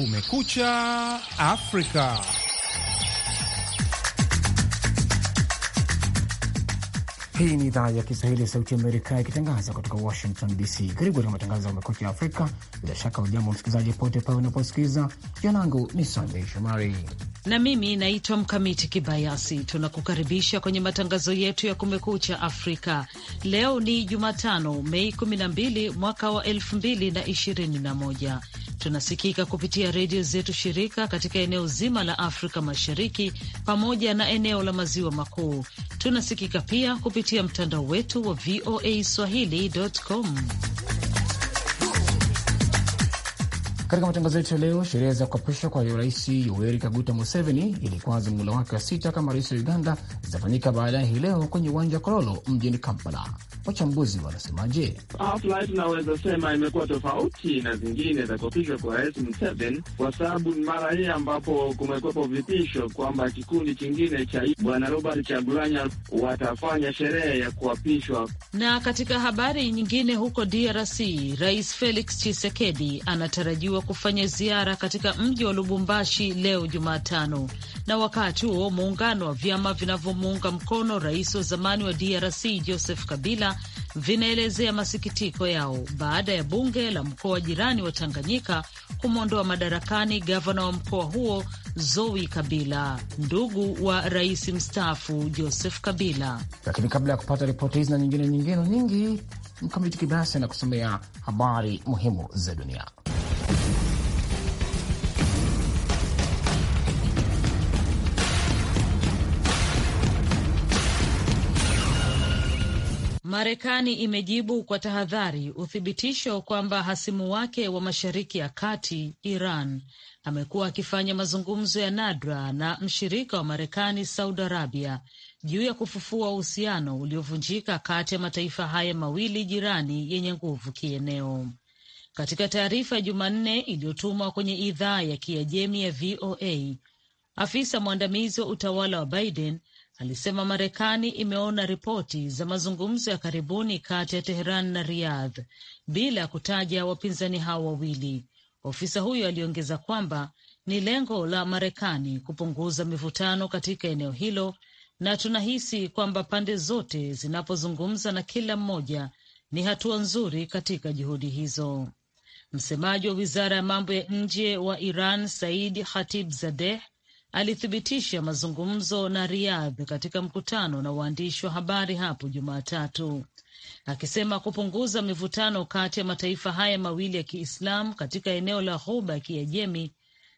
Kumekucha Afrika. Hii ni idhaa ya Kiswahili ya Sauti Amerika ikitangaza kutoka Washington DC. Karibu katika matangazo ya Kumekucha Afrika. Bila shaka ujambo msikilizaji, pote pale unaposikiliza. Jina langu ni Sandei Shomari na mimi naitwa Mkamiti Kibayasi. Tunakukaribisha kwenye matangazo yetu ya Kumekucha Afrika. Leo ni Jumatano, Mei 12 mwaka wa 2021. Tunasikika kupitia redio zetu shirika katika eneo zima la Afrika Mashariki pamoja na eneo la maziwa makuu. Tunasikika pia kupitia mtandao wetu wa VOA swahili.com. Katika matangazo yetu ya leo, sherehe za kuapishwa kwa Rais Yoweri Kaguta Museveni ilikwaza muhula wake wa sita kama rais wa Uganda zitafanyika baadaye hii leo kwenye uwanja wa Kololo mjini Kampala. Wachambuzi wanasemaje? Hafla tunaweza sema imekuwa tofauti na zingine za kuapishwa kwa rais Museveni kwa sababu ni mara hii ambapo kumekwepo vitisho kwamba kikundi kingine cha bwana Robert Chagulanyi watafanya sherehe ya kuapishwa. Na katika habari nyingine, huko DRC Rais Felix chisekedi anatarajiwa wa kufanya ziara katika mji wa Lubumbashi leo Jumatano. Na wakati huo muungano wa vyama vinavyomuunga mkono rais wa zamani wa DRC Joseph Kabila vinaelezea ya masikitiko yao baada ya bunge la mkoa jirani wa Tanganyika kumwondoa madarakani gavana wa mkoa huo zoi Kabila, ndugu wa rais mstaafu Joseph Kabila. Lakini kabla ya kupata ripoti hizi na nyingine nyingine nyingi, Mkamiti Kibasi anakusomea habari muhimu za dunia. Marekani imejibu kwa tahadhari uthibitisho kwamba hasimu wake wa Mashariki ya Kati Iran amekuwa akifanya mazungumzo ya nadra na mshirika wa Marekani Saudi Arabia juu ya kufufua uhusiano uliovunjika kati ya mataifa haya mawili jirani yenye nguvu kieneo. Katika taarifa ya Jumanne iliyotumwa kwenye idhaa ya Kiajemi ya VOA, afisa mwandamizi wa utawala wa Biden alisema Marekani imeona ripoti za mazungumzo ya karibuni kati ya Teheran na Riyadh bila kutaja wapinzani hao wawili. Ofisa huyo aliongeza kwamba ni lengo la Marekani kupunguza mivutano katika eneo hilo, na tunahisi kwamba pande zote zinapozungumza na kila mmoja ni hatua nzuri katika juhudi hizo. Msemaji wa wizara ya mambo ya nje wa Iran Said zadeh alithibitisha mazungumzo na Riyadh katika mkutano na waandishi wa habari hapo Jumatatu, akisema kupunguza mivutano kati ya mataifa haya mawili ya Kiislamu katika eneo la Ghuba ya Kiajemi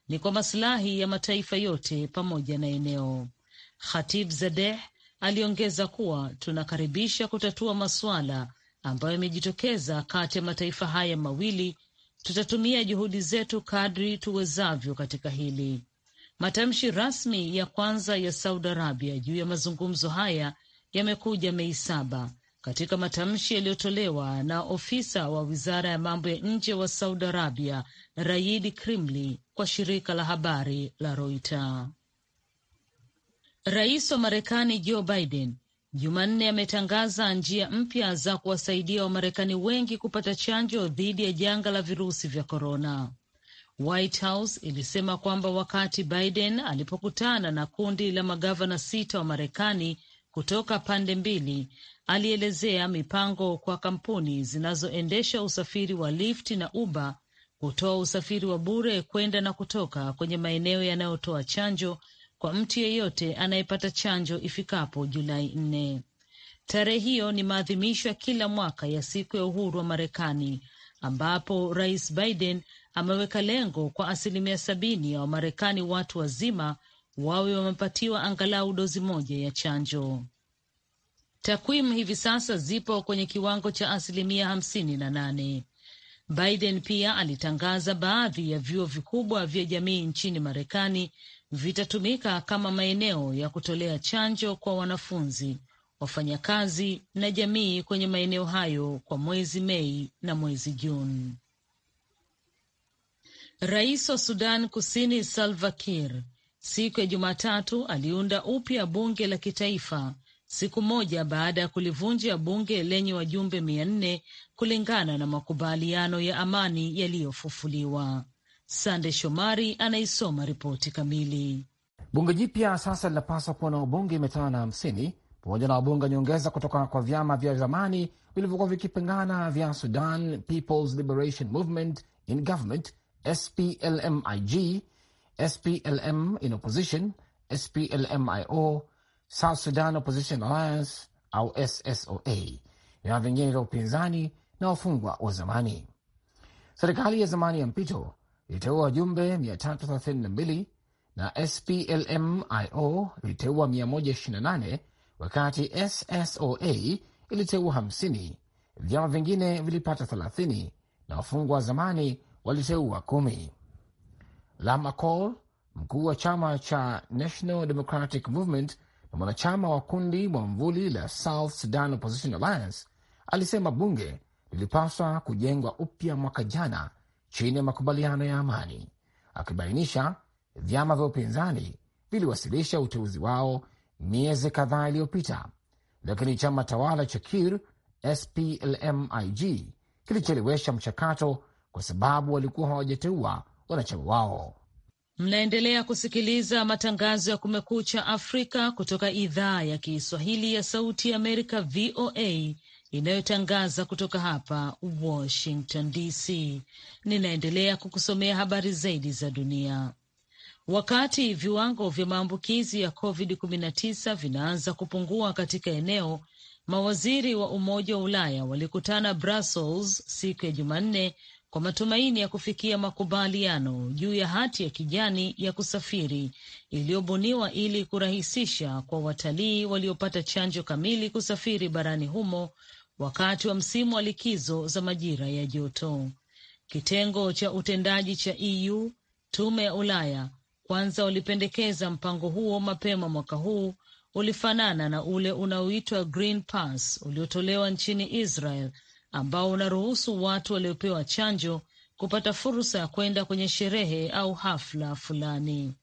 ni kwa masilahi ya mataifa yote pamoja na eneo. Khatib Zadeh aliongeza kuwa tunakaribisha kutatua masuala ambayo yamejitokeza kati ya mataifa haya mawili Tutatumia juhudi zetu kadri tuwezavyo katika hili. Matamshi rasmi ya kwanza ya Saudi Arabia juu ya mazungumzo haya yamekuja Mei saba katika matamshi yaliyotolewa na ofisa wa wizara ya mambo ya nje wa Saudi Arabia Rayid Krimli kwa shirika la habari la Reuters. Rais wa Marekani Joe Biden Jumanne ametangaza njia mpya za kuwasaidia Wamarekani wengi kupata chanjo dhidi ya janga la virusi vya korona. White House ilisema kwamba wakati Biden alipokutana na kundi la magavana sita wa Marekani kutoka pande mbili, alielezea mipango kwa kampuni zinazoendesha usafiri wa Lyft na Uber kutoa usafiri wa bure kwenda na kutoka kwenye maeneo yanayotoa chanjo kwa mtu yeyote anayepata chanjo ifikapo Julai nne. Tarehe hiyo ni maadhimisho ya kila mwaka ya siku ya uhuru wa Marekani ambapo Rais Biden ameweka lengo kwa asilimia sabini ya Wamarekani watu wazima wawe wamepatiwa angalau dozi moja ya chanjo. Takwimu hivi sasa zipo kwenye kiwango cha asilimia hamsini na nane. Biden pia alitangaza baadhi ya vyuo vikubwa vya jamii nchini Marekani vitatumika kama maeneo ya kutolea chanjo kwa wanafunzi, wafanyakazi na jamii kwenye maeneo hayo kwa mwezi Mei na mwezi Juni. Rais wa Sudan Kusini Salva Kiir siku ya Jumatatu aliunda upya bunge la kitaifa siku moja baada ya kulivunja bunge lenye wajumbe mia nne kulingana na makubaliano ya amani yaliyofufuliwa. Sande Shomari anaisoma ripoti kamili. Bunge jipya sasa linapaswa kuwa na wabunge mia tano na hamsini pamoja na wabunge nyongeza kutoka kwa vyama vya zamani vilivyokuwa vikipingana vya Sudan People's Liberation Movement in Government, SPLMIG, SPLM in Opposition, SPLMIO, South Sudan Opposition Alliance au SSOA, vyama vingine vya upinzani na wafungwa wa zamani. Serikali ya zamani ya mpito iliteua wajumbe 332 na SPLMIO iliteua 128 wakati SSOA iliteua 50. Vyama vingine vilipata 30 na wafungwa wa zamani waliteua 10. Lam Akol, mkuu wa chama cha National Democratic Movement na mwanachama wa kundi mwamvuli la South Sudan Opposition Alliance, alisema bunge lilipaswa kujengwa upya mwaka jana chini ya makubaliano ya amani, akibainisha vyama vya upinzani viliwasilisha uteuzi wao miezi kadhaa iliyopita, lakini chama tawala cha Kir SPLMIG kilichelewesha mchakato kwa sababu walikuwa hawajateua wanachama wao. Mnaendelea kusikiliza matangazo ya Kumekucha Afrika kutoka idhaa ya Kiswahili ya Sauti ya Amerika, VOA, inayotangaza kutoka hapa Washington DC. Ninaendelea kukusomea habari zaidi za dunia. Wakati viwango vya maambukizi ya COVID-19 vinaanza kupungua katika eneo, mawaziri wa Umoja wa Ulaya walikutana Brussels siku ya Jumanne kwa matumaini ya kufikia makubaliano juu ya hati ya kijani ya kusafiri iliyobuniwa ili kurahisisha kwa watalii waliopata chanjo kamili kusafiri barani humo wakati wa msimu wa likizo za majira ya joto. Kitengo cha utendaji cha EU, tume ya Ulaya, kwanza walipendekeza mpango huo mapema mwaka huu ulifanana na ule unaoitwa Green Pass uliotolewa nchini Israel ambao unaruhusu watu waliopewa chanjo kupata fursa ya kwenda kwenye sherehe au hafla fulani.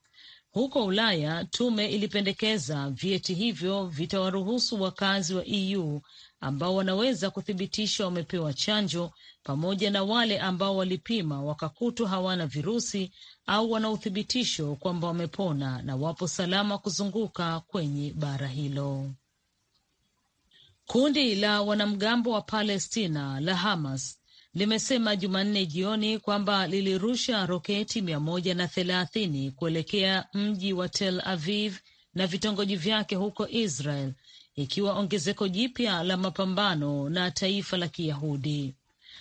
Huko Ulaya, tume ilipendekeza vyeti hivyo vitawaruhusu wakazi wa EU ambao wanaweza kuthibitishwa wamepewa chanjo pamoja na wale ambao walipima wakakutwa hawana virusi au wana uthibitisho kwamba wamepona na wapo salama kuzunguka kwenye bara hilo. Kundi la wanamgambo wa Palestina la Hamas limesema Jumanne jioni kwamba lilirusha roketi mia moja na thelathini kuelekea mji wa Tel Aviv na vitongoji vyake huko Israel, ikiwa ongezeko jipya la mapambano na taifa la Kiyahudi.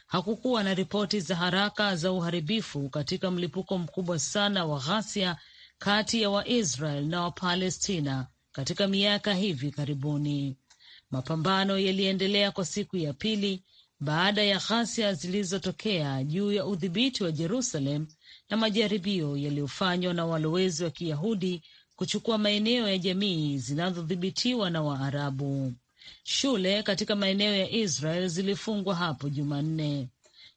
Hakukuwa na ripoti za haraka za uharibifu katika mlipuko mkubwa sana wa ghasia kati ya Waisrael na Wapalestina katika miaka hivi karibuni. Mapambano yaliendelea kwa siku ya pili baada ya ghasia zilizotokea juu ya udhibiti wa Jerusalem na majaribio yaliyofanywa na walowezi wa Kiyahudi kuchukua maeneo ya jamii zinazodhibitiwa na Waarabu. Shule katika maeneo ya Israel zilifungwa hapo Jumanne.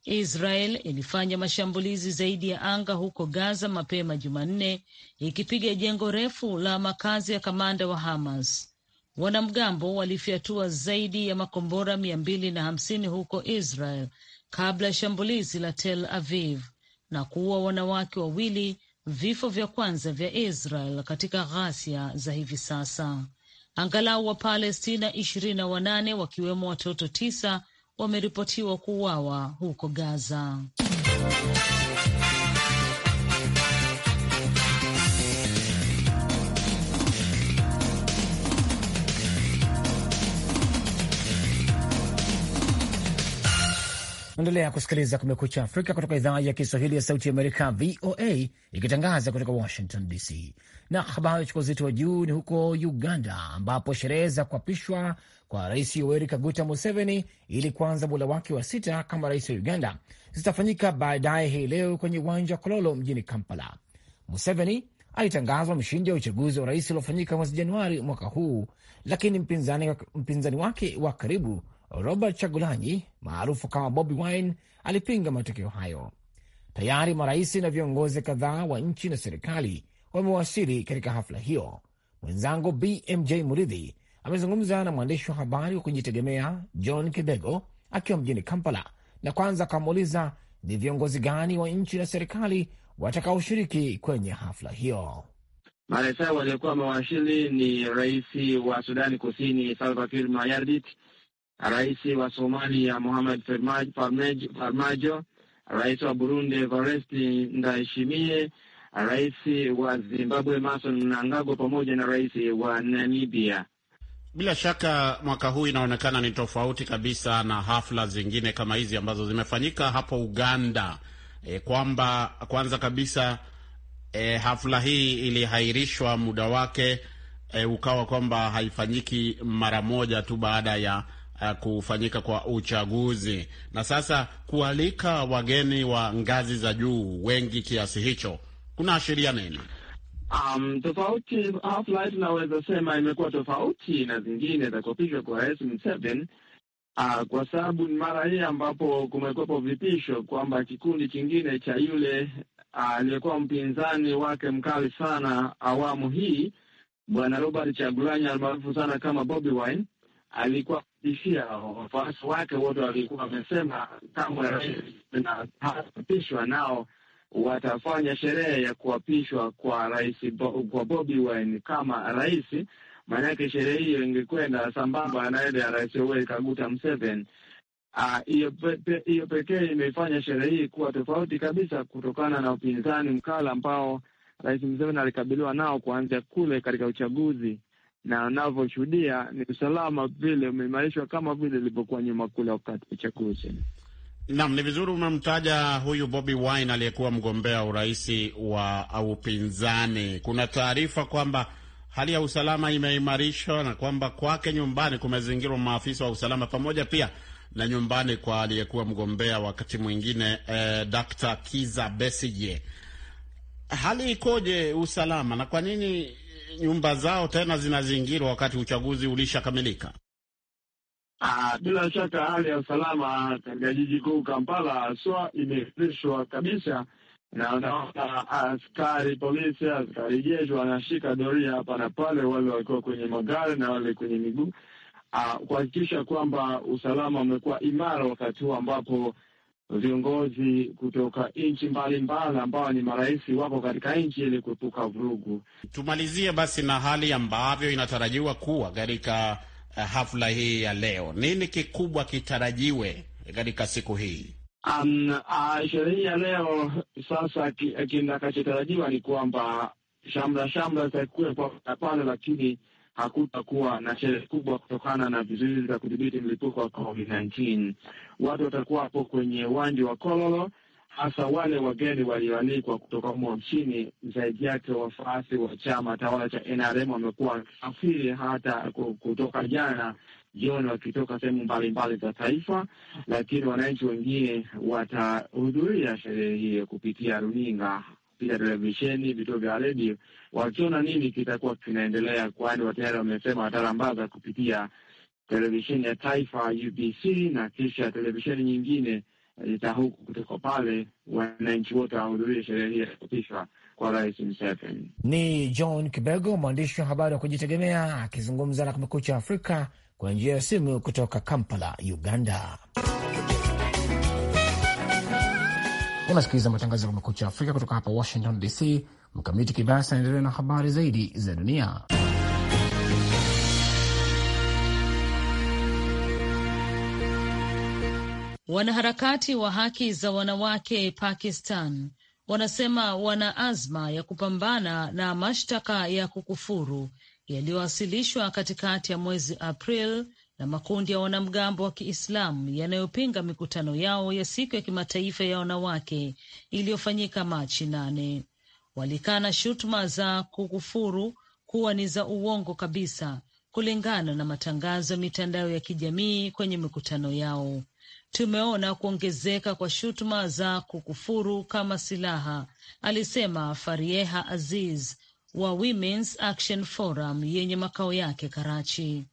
Israel ilifanya mashambulizi zaidi ya anga huko Gaza mapema Jumanne, ikipiga jengo refu la makazi ya kamanda wa Hamas. Wanamgambo walifyatua zaidi ya makombora mia mbili na hamsini huko Israel kabla ya shambulizi la Tel Aviv na kuua wanawake wawili, vifo vya kwanza vya Israel katika ghasia za hivi sasa. Angalau Wapalestina ishirini na wanane wakiwemo watoto tisa wameripotiwa kuuawa huko Gaza. Endelea kusikiliza Kumekucha Afrika kutoka idhaa ya Kiswahili ya Sauti Amerika, VOA, ikitangaza kutoka Washington DC. Na habari chukua uzito wa juu ni huko Uganda, ambapo sherehe za kuapishwa kwa Rais Yoweri Kaguta Museveni ili kuanza muda wake wa sita kama rais wa Uganda zitafanyika baadaye hii leo kwenye uwanja wa Kololo mjini Kampala. Museveni alitangazwa mshindi wa uchaguzi wa rais uliofanyika mwezi Januari mwaka huu, lakini mpinzani, mpinzani wake wa karibu Robert Chagulanyi maarufu kama Bobi Wine alipinga matokeo hayo. Tayari marais na viongozi kadhaa wa nchi na serikali wamewasili katika hafla hiyo. Mwenzangu BMJ Muridhi amezungumza na mwandishi wa habari wa kujitegemea John Kibego akiwa mjini Kampala, na kwanza akamuuliza ni viongozi gani wa nchi na serikali watakaoshiriki kwenye hafla hiyo. Marais hao waliokuwa wamewasili ni rais wa Sudani Kusini Salva Kiir Mayardit, rais wa Somalia Mohamed Farmajo, rais wa Burundi Evariste Ndayishimiye, rais wa Zimbabwe Emmerson Mnangagwa pamoja na rais wa Namibia. Bila shaka mwaka huu inaonekana ni tofauti kabisa na hafla zingine kama hizi ambazo zimefanyika hapo Uganda, e, kwamba kwanza kabisa e, hafla hii ilihairishwa muda wake e, ukawa kwamba haifanyiki mara moja tu baada ya Eh, kufanyika kwa uchaguzi, na sasa kualika wageni wa ngazi za juu wengi kiasi hicho kunaashiria nini? Um, tofauti hafla life sema imekuwa tofauti na zingine za kuapishwa kwa Rais Museveni uh, kwa sababu ni mara hii ambapo kumekuwepo vipisho kwamba kikundi kingine cha yule ah, aliyekuwa uh, mpinzani wake mkali sana awamu hii Bwana Robert Chagulanyi almaarufu sana kama Bobi Wine alikuwa kutishia wafuasi wake wote, walikuwa wamesema kamwe rais nao watafanya sherehe ya kuapishwa kwa rais kwa Bobi Wine kama rais. Maanake sherehe hiyo ingekwenda sambamba na ile ya rais Yoweri Kaguta Museveni. Ah, hiyo pe, pekee imefanya sherehe hii kuwa tofauti kabisa kutokana na upinzani mkali ambao rais Museveni alikabiliwa nao kuanzia kule katika uchaguzi na anavyoshuhudia ni usalama vile umeimarishwa kama vile ilivyokuwa nyuma kule wakati wa uchaguzi. Naam, ni vizuri umemtaja huyu Bobi Wine aliyekuwa mgombea urais wa upinzani. Kuna taarifa kwamba hali ya usalama imeimarishwa na kwamba kwake nyumbani kumezingirwa maafisa wa usalama pamoja pia na nyumbani kwa aliyekuwa mgombea wakati mwingine eh, Dr. Kiza Besige. Hali ikoje usalama na kwa nini nyumba zao tena zinazingirwa wakati uchaguzi ulishakamilika? Ah, bila shaka hali ya usalama katika jiji kuu Kampala swa imezishwa kabisa, na naona askari polisi, askari jeshi wanashika doria hapa na pale, wale walikuwa kwenye magari na wale kwenye miguu, ah, kuhakikisha kwamba usalama umekuwa imara wakati huu ambapo viongozi kutoka nchi mbalimbali ambao ni marais wako katika nchi ili kuepuka vurugu. Tumalizie basi na hali ambavyo inatarajiwa kuwa katika eh, hafla hii ya leo. Nini kikubwa kitarajiwe katika siku hii? Um, uh, sherehe ya leo sasa, kinakachotarajiwa ki ni kwamba shamra shamra zitakuwepo pale lakini hakutakuwa na sherehe kubwa kutokana na vizuizi vya kudhibiti mlipuko wa COVID-19. Watu watakuwa hapo kwenye uwanja wa Kololo, hasa wale wageni walioalikwa kutoka humo nchini. Zaidi yake, wafuasi wa chama tawala cha NRM wamekuwa wakisafiri hata kutoka jana jioni wakitoka sehemu mbalimbali za taifa, lakini wananchi wengine watahudhuria sherehe hiyo kupitia runinga vya televisheni, vituo vya redio, wakiona nini kitakuwa kinaendelea, kwani watayari wamesema watarambaza kupitia televisheni ya taifa UBC na kisha televisheni nyingine eh, za huku kutoka pale, wananchi wote wahudhurie sherehe hii ya kuapishwa kwa Rais Museveni. Ni John Kibego, mwandishi wa habari wa kujitegemea akizungumza na Kumekucha Afrika kwa njia ya simu kutoka Kampala, Uganda. Unasikiliza matangazo ya Kumekucha Afrika kutoka hapa Washington DC. Mkamiti Kibasa anaendelea na habari zaidi za dunia. Wanaharakati wa haki za wanawake Pakistan wanasema wana azma ya kupambana na mashtaka ya kukufuru yaliyowasilishwa katikati ya mwezi April na makundi ya wanamgambo wa Kiislamu yanayopinga mikutano yao ya siku ya kimataifa ya wanawake iliyofanyika Machi nane. Walikana shutuma za kukufuru kuwa ni za uongo kabisa, kulingana na matangazo ya mitandao ya kijamii kwenye mikutano yao. Tumeona kuongezeka kwa shutuma za kukufuru kama silaha, alisema Farieha Aziz wa Women's Action Forum yenye makao yake Karachi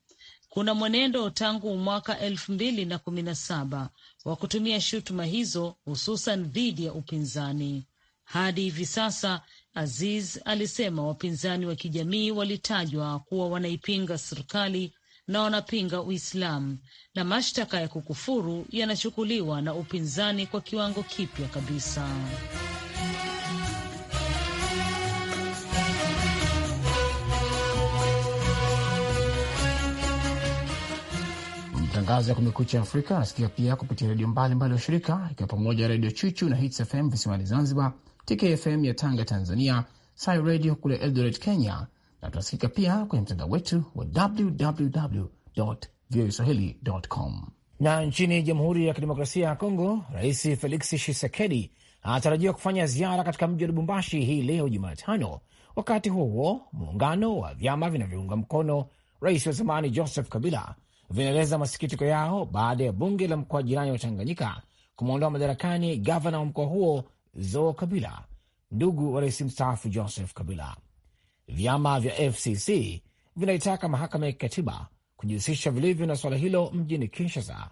kuna mwenendo tangu mwaka elfu mbili na kumi na saba wa kutumia shutuma hizo hususan dhidi ya upinzani. Hadi hivi sasa, Aziz alisema wapinzani wa kijamii walitajwa kuwa wanaipinga serikali na wanapinga Uislamu na mashtaka ya kukufuru yanachukuliwa na upinzani kwa kiwango kipya kabisa. Matangazo ya Kumekucha Afrika anasikika pia kupitia redio mbalimbali ya shirika ikiwa pamoja na Redio Chuchu na Hits FM visiwani Zanzibar, TKFM ya Tanga Tanzania, Sai Redio kule Eldoret Kenya, na tunasikika pia kwenye mtandao wetu wa www voa swahili com. Na nchini Jamhuri ya Kidemokrasia ya Kongo, Rais Felix Tshisekedi anatarajiwa kufanya ziara katika mji wa Lubumbashi hii leo Jumatano. Wakati huo huo, muungano wa vyama vinavyounga mkono rais wa zamani Joseph Kabila vinaeleza masikitiko yao baada ya bunge la mkoa jirani wa Tanganyika kumwondoa madarakani gavana wa mkoa huo Zo Kabila, ndugu wa rais mstaafu Joseph Kabila. Vyama vya FCC vinaitaka mahakama ya kikatiba kujihusisha vilivyo na suala hilo mjini Kinshasa,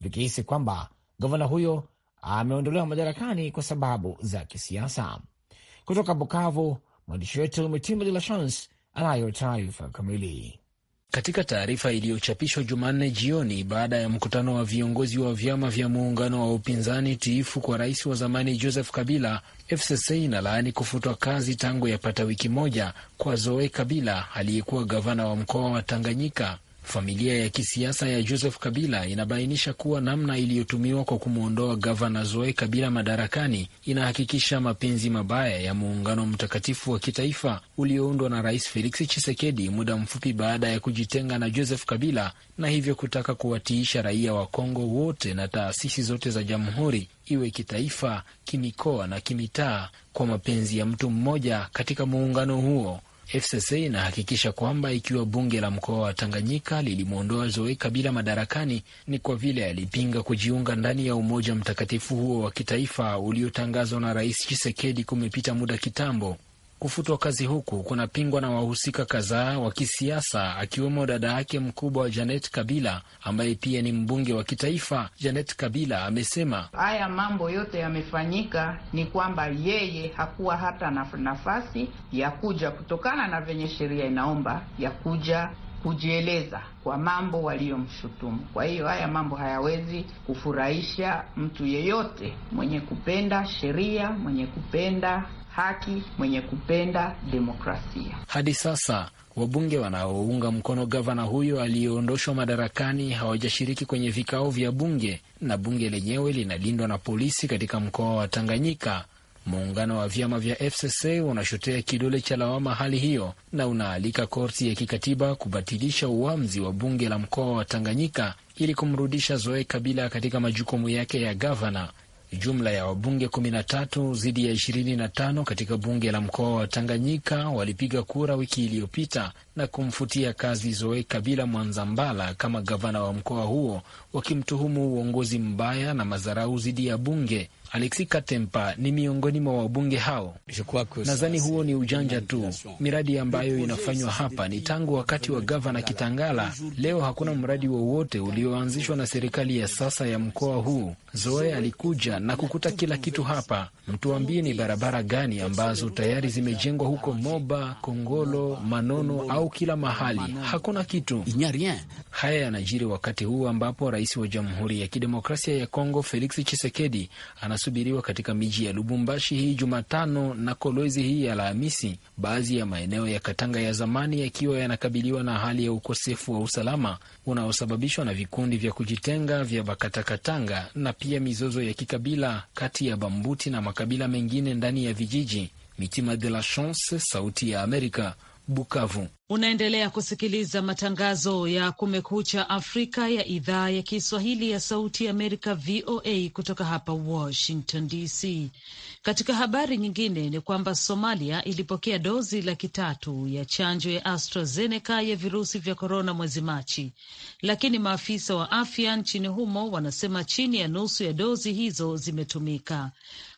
vikihisi kwamba gavana huyo ameondolewa madarakani kwa sababu za kisiasa. Kutoka Bukavu, mwandishi wetu Mitima De La Chance anayo taarifa kamili. Katika taarifa iliyochapishwa Jumanne jioni baada ya mkutano wa viongozi wa vyama vya muungano wa upinzani tiifu kwa rais wa zamani Joseph Kabila, FCC inalaani kufutwa kazi tangu yapata wiki moja kwa Zoe Kabila aliyekuwa gavana wa mkoa wa Tanganyika Familia ya kisiasa ya Joseph Kabila inabainisha kuwa namna iliyotumiwa kwa kumwondoa gavana Zoe Kabila madarakani inahakikisha mapenzi mabaya ya muungano mtakatifu wa kitaifa ulioundwa na Rais Felix Tshisekedi muda mfupi baada ya kujitenga na Joseph Kabila na hivyo kutaka kuwatiisha raia wa Kongo wote na taasisi zote za jamhuri, iwe kitaifa, kimikoa na kimitaa, kwa mapenzi ya mtu mmoja katika muungano huo. FCC inahakikisha kwamba ikiwa bunge la mkoa wa Tanganyika lilimwondoa Zoe Kabila madarakani ni kwa vile alipinga kujiunga ndani ya umoja mtakatifu huo wa kitaifa uliotangazwa na Rais chisekedi kumepita muda kitambo. Kufutwa kazi huku kunapingwa na wahusika kadhaa wa kisiasa akiwemo dada yake mkubwa wa Janet Kabila ambaye pia ni mbunge wa kitaifa. Janet Kabila amesema haya mambo yote yamefanyika ni kwamba yeye hakuwa hata na nafasi ya kuja, kutokana na venye sheria inaomba ya kuja kujieleza kwa mambo waliyomshutumu. Kwa hiyo haya mambo hayawezi kufurahisha mtu yeyote mwenye kupenda sheria, mwenye kupenda haki, mwenye kupenda demokrasia. Hadi sasa wabunge wanaounga mkono gavana huyo aliyeondoshwa madarakani hawajashiriki kwenye vikao vya bunge, na bunge lenyewe linalindwa na polisi katika mkoa wa Tanganyika. Muungano wa vyama vya FCC unashotea kidole cha lawama hali hiyo na unaalika korti ya kikatiba kubatilisha uamuzi wa bunge la mkoa wa Tanganyika ili kumrudisha Zoe Kabila katika majukumu yake ya gavana. Jumla ya wabunge 13 dhidi ya 25 katika bunge la mkoa wa Tanganyika walipiga kura wiki iliyopita na kumfutia kazi Zoe Kabila Mwanzambala kama gavana wa mkoa huo, wakimtuhumu uongozi mbaya na madharau dhidi ya bunge Alexi Katempa ni miongoni mwa wabunge hao. Nadhani huo ni ujanja tu. Miradi ambayo inafanywa hapa ni tangu wakati wa gavana Kitangala. Leo hakuna mradi wowote ulioanzishwa na serikali ya sasa ya mkoa huu. Zoe alikuja na kukuta kila kitu hapa mtuambie ni barabara gani ambazo tayari zimejengwa huko Moba, Kongolo, Manono au kila mahali? Hakuna kitu. Haya yanajiri wakati huu ambapo rais wa Jamhuri ya Kidemokrasia ya Kongo Felix Tshisekedi anasubiriwa katika miji ya Lubumbashi hii Jumatano na Kolwezi hii ya Alhamisi, baadhi ya maeneo ya Katanga ya zamani yakiwa yanakabiliwa na hali ya ukosefu wa usalama unaosababishwa na vikundi vya kujitenga vya Bakatakatanga na pia mizozo ya kikabila kati ya Bambuti na makabila mengine ndani ya vijiji. Mitima de la Chance, Sauti ya Amerika, Bukavu. Unaendelea kusikiliza matangazo ya Kumekucha Afrika ya idhaa ya Kiswahili ya Sauti ya Amerika, VOA, kutoka hapa Washington DC. Katika habari nyingine ni kwamba Somalia ilipokea dozi laki tatu ya chanjo ya AstraZeneca ya virusi vya korona mwezi Machi, lakini maafisa wa afya nchini humo wanasema chini ya nusu ya dozi hizo zimetumika.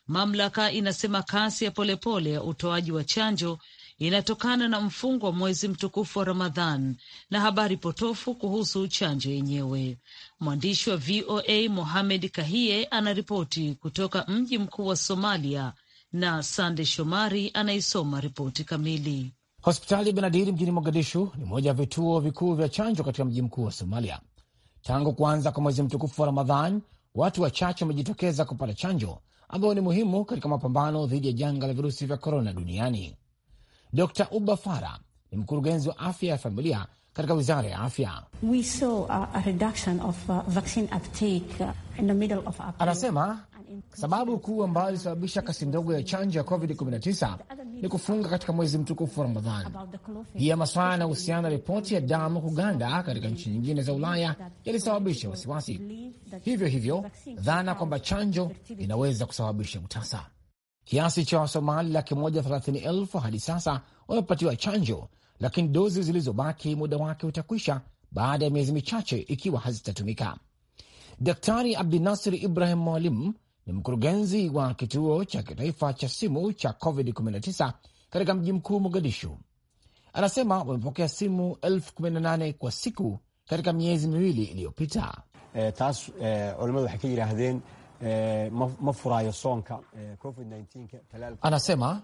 Mamlaka inasema kasi ya polepole ya utoaji wa chanjo inatokana na mfungo wa mwezi mtukufu wa Ramadhan na habari potofu kuhusu chanjo yenyewe. Mwandishi wa VOA Mohamed Kahie anaripoti kutoka mji mkuu wa Somalia na Sande Shomari anaisoma ripoti kamili. Hospitali Benadiri mjini Mogadishu ni moja ya vituo vikuu vya chanjo katika mji mkuu wa Somalia. Tangu kuanza kwa mwezi mtukufu wa Ramadhan, watu wachache wamejitokeza kupata chanjo ambayo ni muhimu katika mapambano dhidi ya janga la virusi vya korona duniani. Dr Uba Fara ni mkurugenzi wa afya ya familia katika wizara ya afya. Anasema sababu kuu ambayo ilisababisha kasi ndogo ya chanjo ya COVID-19 ni kufunga katika mwezi mtukufu wa Ramadhani. Pia maswala yanahusiana na ripoti ya damu kuganda katika nchi nyingine za Ulaya yalisababisha wasiwasi. Hivyo hivyo, dhana kwamba chanjo inaweza kusababisha utasa Kiasi cha Wasomali laki moja thelathini elfu hadi sasa wamepatiwa chanjo, lakini dozi zilizobaki muda wake utakwisha baada ya miezi michache ikiwa hazitatumika. Daktari Abdinasir Ibrahim mwalim ni mkurugenzi wa kituo cha kitaifa cha simu cha COVID-19 katika mji mkuu Mogadishu. Anasema wamepokea simu elfu kumi na nane kwa siku katika miezi miwili iliyopita. Eh, taas eh, Eh, mafurayo sonka eh, COVID-19 anasema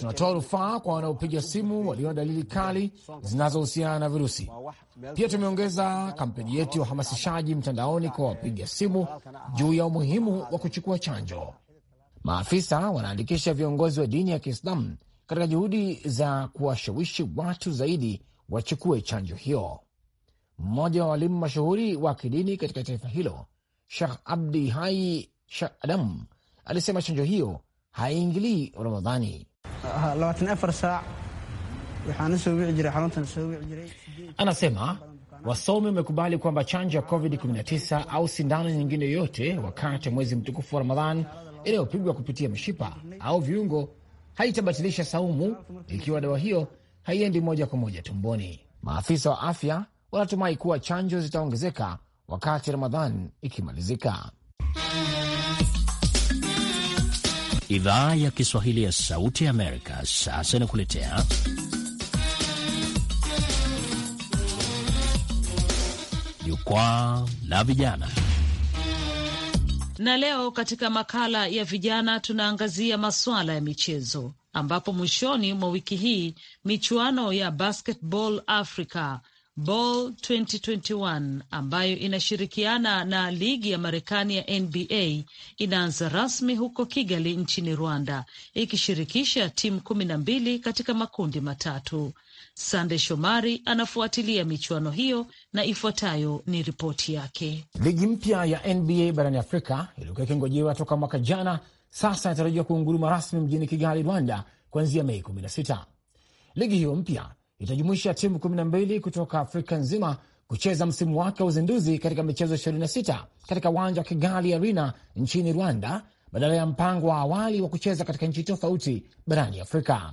tunatoa rufaa kwa wanaopiga simu walio na dalili kali zinazohusiana na virusi. Pia tumeongeza kampeni yetu ya uhamasishaji mtandaoni kwa wapiga simu juu ya umuhimu wa kuchukua chanjo. Maafisa wanaandikisha viongozi wa dini ya Kiislamu katika juhudi za kuwashawishi watu zaidi wachukue chanjo hiyo. Mmoja wa walimu mashuhuri wa kidini katika taifa hilo Shekh Abdi Hai Shekh Adam alisema chanjo hiyo haiingilii Ramadhani. Anasema wasomi wamekubali kwamba chanjo ya COVID-19 au sindano nyingine yoyote wakati ya mwezi mtukufu wa Ramadhan inayopigwa kupitia mishipa au viungo haitabatilisha saumu ikiwa dawa hiyo haiendi moja kwa moja tumboni. Maafisa wa afya wanatumai kuwa chanjo zitaongezeka wakati Ramadhan ikimalizika. Idhaa ya Kiswahili ya Sauti ya Amerika sasa inakuletea Jukwaa la Vijana na leo katika makala ya vijana tunaangazia masuala ya michezo ambapo mwishoni mwa wiki hii michuano ya Basketball Africa Ball 2021 ambayo inashirikiana na ligi ya Marekani ya NBA inaanza rasmi huko Kigali nchini Rwanda, ikishirikisha timu kumi na mbili katika makundi matatu. Sande Shomari anafuatilia michuano hiyo na ifuatayo ni ripoti yake. Ligi mpya ya NBA barani Afrika iliyokuwa ikingojewa toka mwaka jana sasa inatarajiwa kuunguruma rasmi mjini Kigali, Rwanda, kuanzia Mei 16. Ligi hiyo mpya itajumuisha timu 12 kutoka Afrika nzima kucheza msimu wake wa uzinduzi katika michezo 26 katika uwanja wa Kigali Arena nchini Rwanda, badala ya mpango wa awali wa kucheza katika nchi tofauti barani Afrika.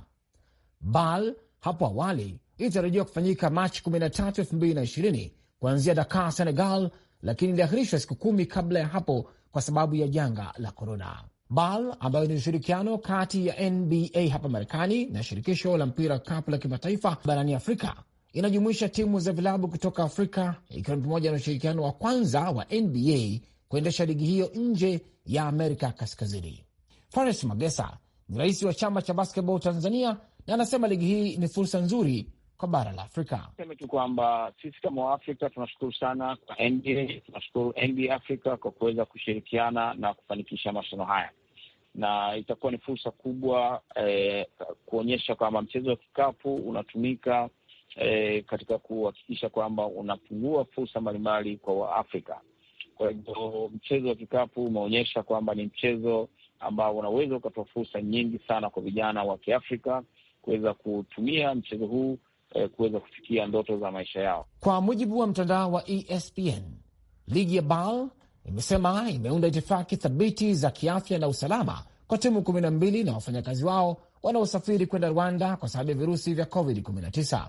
BAL hapo awali ilitarajiwa kufanyika Machi 13, 2020 kuanzia Dakar, Senegal, lakini iliahirishwa siku kumi kabla ya hapo kwa sababu ya janga la korona. BAL ambayo ni ushirikiano kati ya NBA hapa Marekani na shirikisho la mpira wa kikapu la kimataifa barani Afrika inajumuisha timu za vilabu kutoka Afrika, ikiwa ni pamoja na ushirikiano wa kwanza wa NBA kuendesha ligi hiyo nje ya Amerika Kaskazini. Fares Magesa ni rais wa chama cha basketball Tanzania na anasema ligi hii ni fursa nzuri kwa bara la Afrika. Seme tu kwamba sisi kama Waafrika tunashukuru sana kwa NBA, tunashukuru NBA Afrika kwa kuweza kushirikiana na kufanikisha mashindano haya na itakuwa ni fursa kubwa eh, kuonyesha kwamba mchezo wa kikapu unatumika eh, katika kuhakikisha kwamba unapungua fursa mbalimbali kwa Waafrika. Kwa hivyo mchezo wa kikapu umeonyesha kwamba ni mchezo ambao unaweza ukatoa fursa nyingi sana kwa vijana wa Kiafrika kuweza kutumia mchezo huu eh, kuweza kufikia ndoto za maisha yao. Kwa mujibu wa mtandao wa ESPN, ligi ya BAL imesema imeunda itifaki thabiti za kiafya na usalama kwa timu kumi na mbili na wafanyakazi wao wanaosafiri kwenda Rwanda kwa sababu ya virusi vya COVID-19.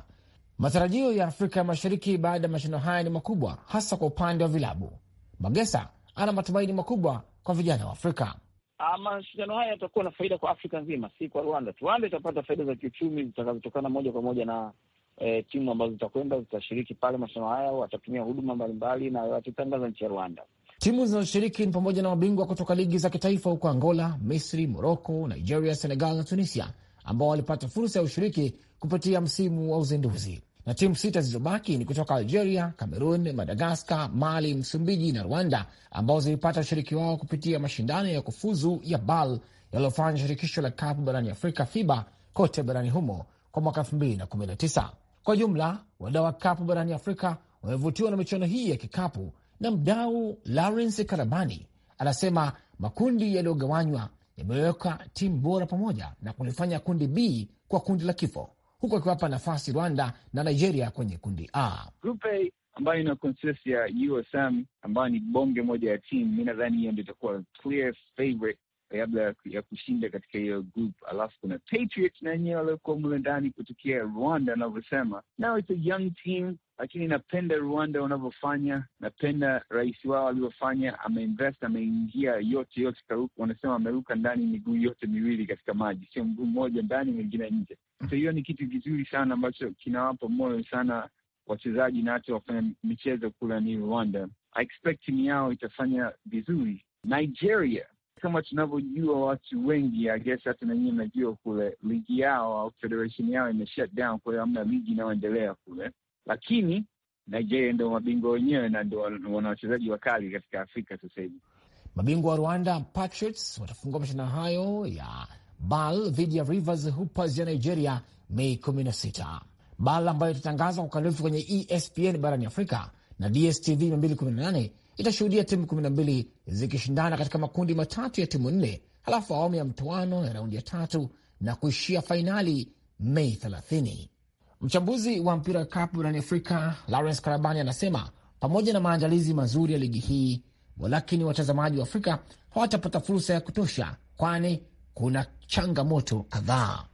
Matarajio ya Afrika ya Mashariki baada ya mashindano haya ni makubwa, hasa kwa upande wa vilabu. Magesa ana matumaini makubwa kwa vijana wa Afrika. Ah, mashindano haya yatakuwa na faida kwa Afrika nzima, si kwa Rwanda. Rwanda itapata faida za kiuchumi zitakazotokana moja kwa moja na e, timu ambazo zitakwenda zitashiriki pale mashindano haya, watatumia huduma mbalimbali na watatangaza nchi ya Rwanda. Timu zinazoshiriki ni pamoja na mabingwa kutoka ligi za kitaifa huko Angola, Misri, Moroko, Nigeria, Senegal na Tunisia, ambao walipata fursa ya ushiriki kupitia msimu wa uzinduzi, na timu sita zilizobaki ni kutoka Algeria, Cameroon, Madagaskar, Mali, Msumbiji na Rwanda, ambao zilipata ushiriki wao kupitia mashindano ya kufuzu ya BAL yaliyofanya shirikisho la kapu barani Afrika, FIBA, kote barani humo kwa mwaka 2019. Kwa jumla, wadau wa kapu barani Afrika wamevutiwa na michuano hii ya kikapu na mdau Lawrence Karabani anasema makundi yaliyogawanywa yameweka timu bora pamoja na kulifanya kundi B kwa kundi la kifo, huku akiwapa nafasi Rwanda na Nigeria kwenye kundi A ambayo ina consist ya USM ambayo ni bonge moja ya timu. Mi nadhani hiyo ndio itakuwa clear favorite labda ya kushinda katika hiyo group. Alafu kuna Patriots na wenyewe waliokuwa mle ndani kutokea Rwanda anavyosema, now it's a young team lakini napenda Rwanda wanavyofanya, napenda rais wao alivyofanya, ameinvest, ameingia yote yote, wanasema ameruka ndani miguu yote miwili katika maji, sio mguu mmoja ndani mwingine nje. So hiyo ni kitu kizuri sana ambacho kinawapa moyo sana wachezaji na hata wafanya michezo kule ni Rwanda. I expect timu yao itafanya vizuri. Nigeria kama tunavyojua watu wengi I guess hata nanyiwe najua kule ligi yao au federation yao ime shut down, kwa hiyo hamna ligi inayoendelea kule, lakini Nigeria ndo mabingwa wenyewe na ndo wana wachezaji wakali katika Afrika sasa hivi. Mabingwa wa Rwanda Patriots watafungua mashindano hayo ya BAL dhidi ya Rivers Hoopers ya Nigeria Mei 16. BAL ambayo itatangazwa kwa ukalifu kwenye ESPN barani Afrika na DSTV 218 itashuhudia timu kumi na mbili zikishindana katika makundi matatu ya timu nne, halafu awamu ya mtoano ya raundi ya tatu na kuishia fainali Mei 30. Mchambuzi wa mpira wa kapu barani Afrika Lawrence Karabani anasema pamoja na maandalizi mazuri ya ligi hii, walakini watazamaji wa Afrika hawatapata fursa ya kutosha, kwani kuna changamoto kadhaa.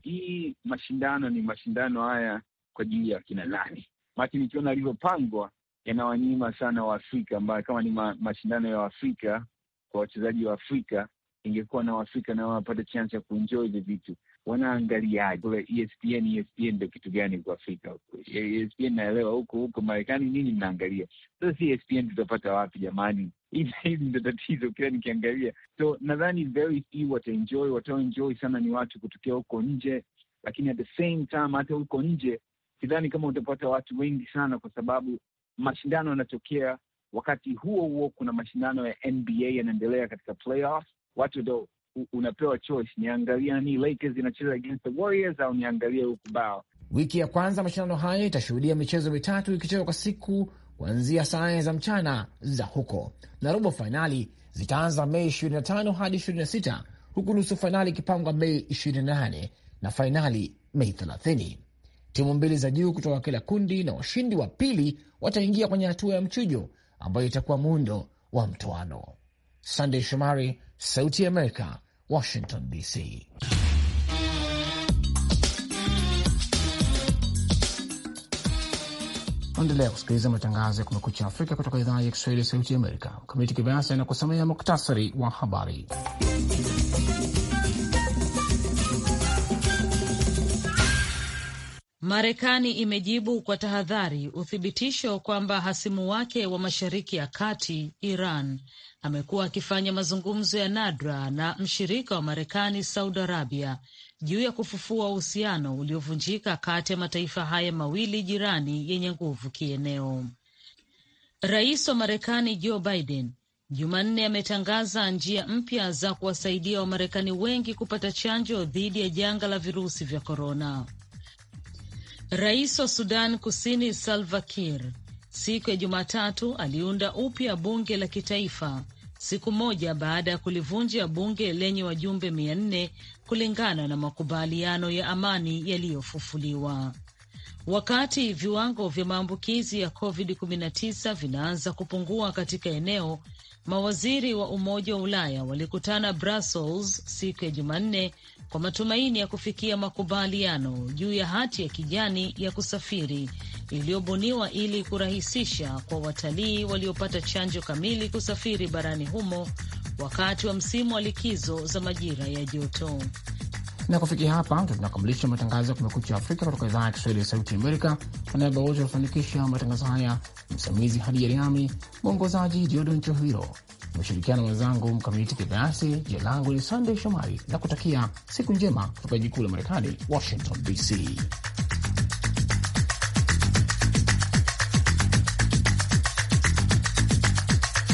Hii mashindano ni mashindano haya kwa ajili ya wakina nani? Maki nikiona alivyopangwa yanawanyima sana Waafrika ambayo kama ni ma, mashindano ya Waafrika kwa wachezaji wa Afrika, ingekuwa na Waafrika nao wanapata chance ya kuenjoy hivi vitu. Wanaangaliaje ESPN? ESPN ndio kitu gani kwa Afrika? ESPN naelewa huko huko Marekani nini mnaangalia? Sasa si ESPN tutapata wapi jamani? Hili ndio tatizo kila nikiangalia. So nadhani very few wataenjoy, wataenjoy sana ni watu kutokea huko nje, lakini at the same time hata huko nje sidhani kama utapata watu wengi sana, kwa sababu mashindano yanatokea wakati huo huo, kuna mashindano ya NBA yanaendelea katika playoffs. Watu ndo unapewa choice, niangalia ni Lakers inacheza against the Warriors au niangalie huku bao. Wiki ya kwanza mashindano haya itashuhudia michezo mitatu ikichezwa kwa siku kuanzia saa nne za mchana za huko, na robo fainali zitaanza Mei 25 hadi 26 huku nusu fainali ikipangwa Mei 28 na fainali Mei 30. Timu mbili za juu kutoka kila kundi na washindi wa pili wataingia kwenye hatua ya mchujo ambayo itakuwa muundo wa mtoano. Sandey Shomari, Sauti ya Amerika, Washington DC. Endelea kusikiliza matangazo ya Kumekucha Afrika kutoka idhaa ya Kiswahili ya Sauti ya Amerika. Mkamiti Kibayasi anakusomea muktasari wa habari. Marekani imejibu kwa tahadhari uthibitisho kwamba hasimu wake wa Mashariki ya Kati, Iran, amekuwa akifanya mazungumzo ya nadra na mshirika wa Marekani, Saudi Arabia, juu ya kufufua uhusiano uliovunjika kati ya mataifa haya mawili jirani yenye nguvu kieneo. Rais wa Marekani Joe Biden Jumanne ametangaza njia mpya za kuwasaidia Wamarekani wengi kupata chanjo dhidi ya janga la virusi vya korona. Rais wa Sudan Kusini Salva Kiir siku ya Jumatatu aliunda upya bunge la kitaifa siku moja baada ya kulivunja bunge lenye wajumbe mia nne kulingana na makubaliano ya amani yaliyofufuliwa. Wakati viwango vya maambukizi ya COVID-19 vinaanza kupungua katika eneo, mawaziri wa Umoja wa Ulaya walikutana Brussels siku ya Jumanne kwa matumaini ya kufikia makubaliano juu ya hati ya kijani ya kusafiri iliyobuniwa ili kurahisisha kwa watalii waliopata chanjo kamili kusafiri barani humo wakati wa msimu wa likizo za majira ya joto. Na kufikia hapa tunakamilisha matangazo ya Kumekucha Afrika kutoka idhaa ya Kiswahili ya Sauti Amerika. Kwa niaba wote matangazo haya, msimamizi Hadi yariami mwongozaji Diodon Nchohiro. Nimeshirikiana mwenzangu Mkamiti Kibayasi. Jina langu ni Sandey Shomari na kutakia siku njema kutoka jikuu la Marekani, Washington DC.